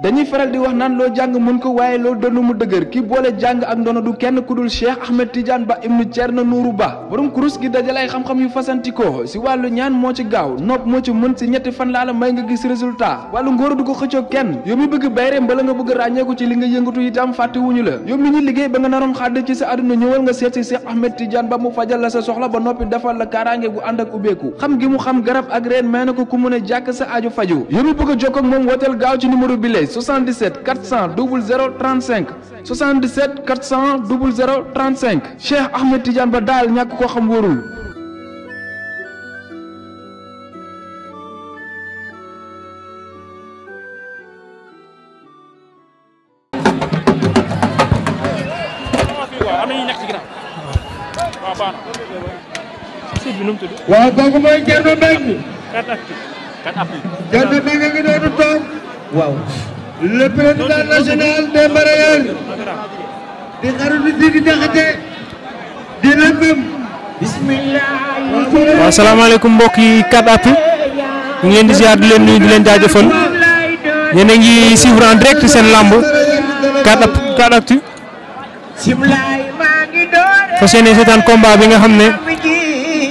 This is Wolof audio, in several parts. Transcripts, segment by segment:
dañuy faral di wax naan loo jàng mën ko waaye loo dënnu mu dëgër ki boole jàng ak ndono du kenn ku dul Cheikh Ahmed Tidiane Ba ibnu na Nourou Ba borom kurus gi dajale ay xam-xam yu fasantikoo si wàllu ñaan moo ci gaaw nopp moo ci mën si ñetti fan laa la may nga gis résultat wàllu ngóor du ko xëccoo kenn yow mi bëgg bayre mbala nga bëgg ràññeeku ci li nga yëngatu itam fàtte la yow mi ñu liggéey ba nga naroon xàdd ci sa àdduna ñëwal nga seet si Cheikh Ahmed Ba mu fajal sa soxla ba noppi la kaaraange gu ànd ak ubbeeku xam gi mu xam garab ak reen may ko ku mu ne jàkk sa aju faju yow mi bëgg a jokkoo ak moom wooteel gaaw ci numéro bi 77 400 00 35 77 400 00 35 Cheikh Ahmed Tidiane ba daal ñàkk koo xam wóorul. waaw kooku mooy Thierno Mbengue. kat at bi kat at bi. Thierno Mbengue ngi doon toog waaw. le président national des mareyeurs di xarit di di jaxate di mbokk yi 4appuis ñu leen di leen nuyu di leen jaajëfal ngi suivre direct seen lamb 4appuis 4appuis fas yéene seetaan combat bi nga xam ne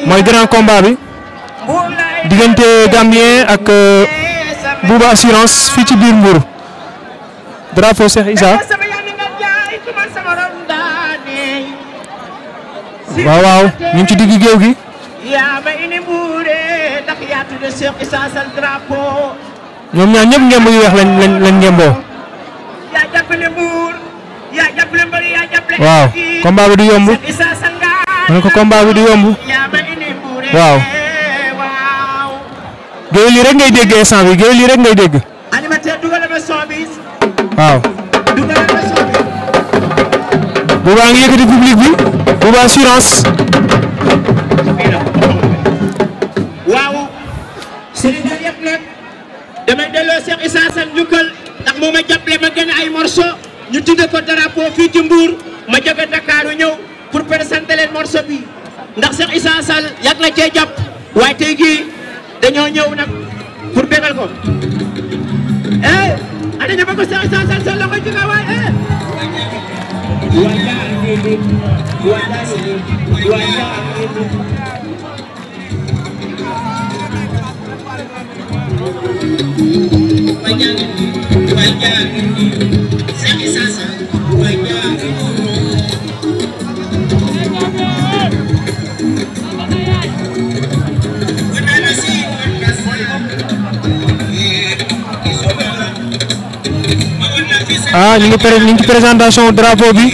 mooy grand combat bi diggante Gambien ak euh, Bouba assurance fii ci biir Mbour drapeau Cheikh Issa waaw waaw ñu ci digg géew gi ñoom ñaar ñëpp ngemb yu weex lañ ngemboo waaw combat bi du yomb ma ne ko yomb waaw géwél yi rek ngay dégg instant bi géwél yi rek ngay dégg waaw. Bouba a ngi yëkkati public bi Bouba assurance. waaw. Sénégal yëpp nag damay delloo Cheikh Issa Sane njukkal ndax moo ma jàppale ma gën ay morceau ñu tudde ko drapeau fii ci Mbour ma jóge Dakar ñëw pour présenter leen morceau bi ndax Cheikh Issa Sall na cee jàpp waaye tey jii dañoo ñëw nag pour bégal ko eh. ada ñëpp ko sal sal sal sal loxo ci kaw waay eh wanda ngini wanda ngini wanda ngini wanda ngini wanda ngini ah ñu ngi pré présentation drapeau bi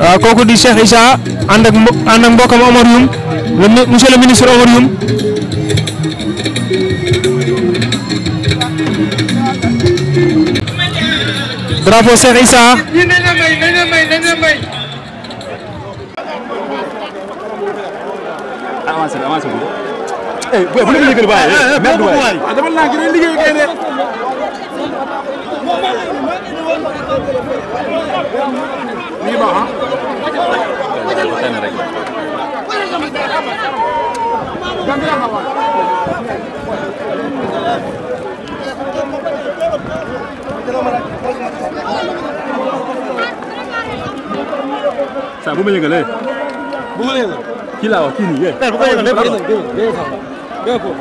waaw ah, kooku di Cheikh Issa ak ànd ak Youm le ministre Omar sa bu ma yëgalee. bu ma yëgalee. kii laa wax kii nii yéen. bu ma yëgalee ba léegi léegi sax léegi foofu.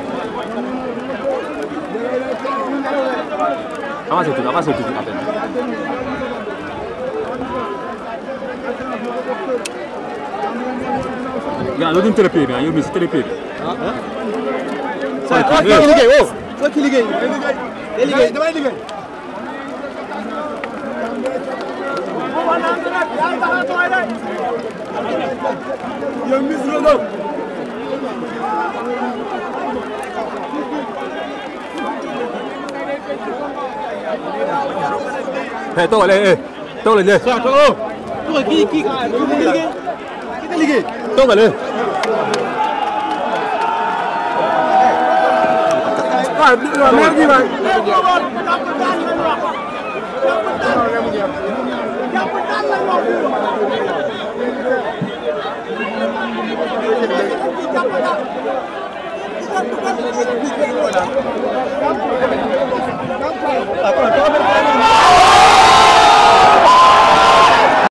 avancé tuuti avancé tuuti affaire bi. yaa ngi doon tërëpee bi ah yow mii si tërëpee bi. ah ah kii liggéey woo. soo kii liggéey. day liggéey damay liggéey. yow Miss Rogo. eh toogal eh eh toogal eh. waaw toogal. toogal kii kii kii liggéey. kii liggéey. toogal eh. waaw waaw maire bi waay. Thank you.